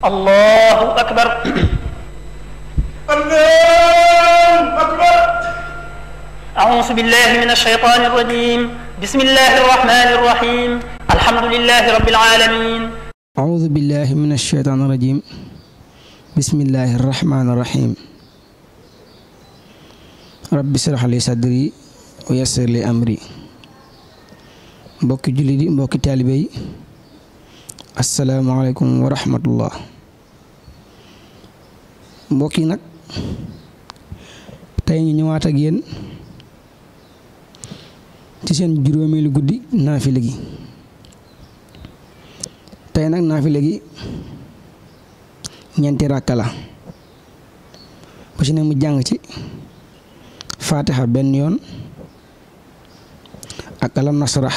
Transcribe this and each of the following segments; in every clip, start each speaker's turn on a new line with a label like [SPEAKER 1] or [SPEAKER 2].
[SPEAKER 1] الله أكبر الله أكبر أعوذ بالله من الشيطان الرجيم بسم الله الرحمن الرحيم الحمد لله رب العالمين
[SPEAKER 2] أعوذ بالله من الشيطان الرجيم بسم الله الرحمن الرحيم رب اشرح لي صدري ويسر لي أمري بوكي جلدي بوكي تالبي asalaamaaleykum wa rahmatullah mbokk yi nag tey ñu ñëwaat ak yéen ci seen lu guddi naafile gi tey nag naafile gi ñenti ràkka la bu ci ne mu jàng ci faatixa benn yoon ak alam nasrax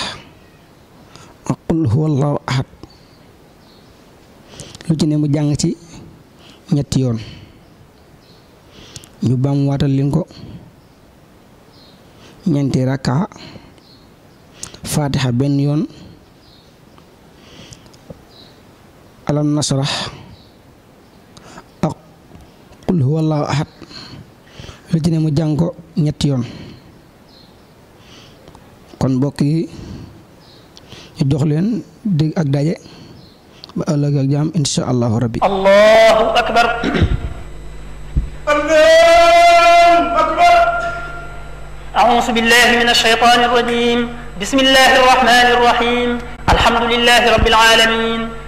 [SPEAKER 2] ak qul huwa ahad bu ci ne mu jàng ci ñetti yoon ñu baam waatal leen ko ñeenti rakka faatixa benn yoon alam nasrah ak qul huwallahu ahad lu ci ne mu jàng ko ñetti yoon kon mbokk yi ñu jox leen dégg ak daje ba الجام إن شاء الله ربي
[SPEAKER 1] الله أكبر الله أكبر أعوذ بالله من الشيطان الرجيم بسم الله الرحمن الرحيم
[SPEAKER 2] الحمد لله رب العالمين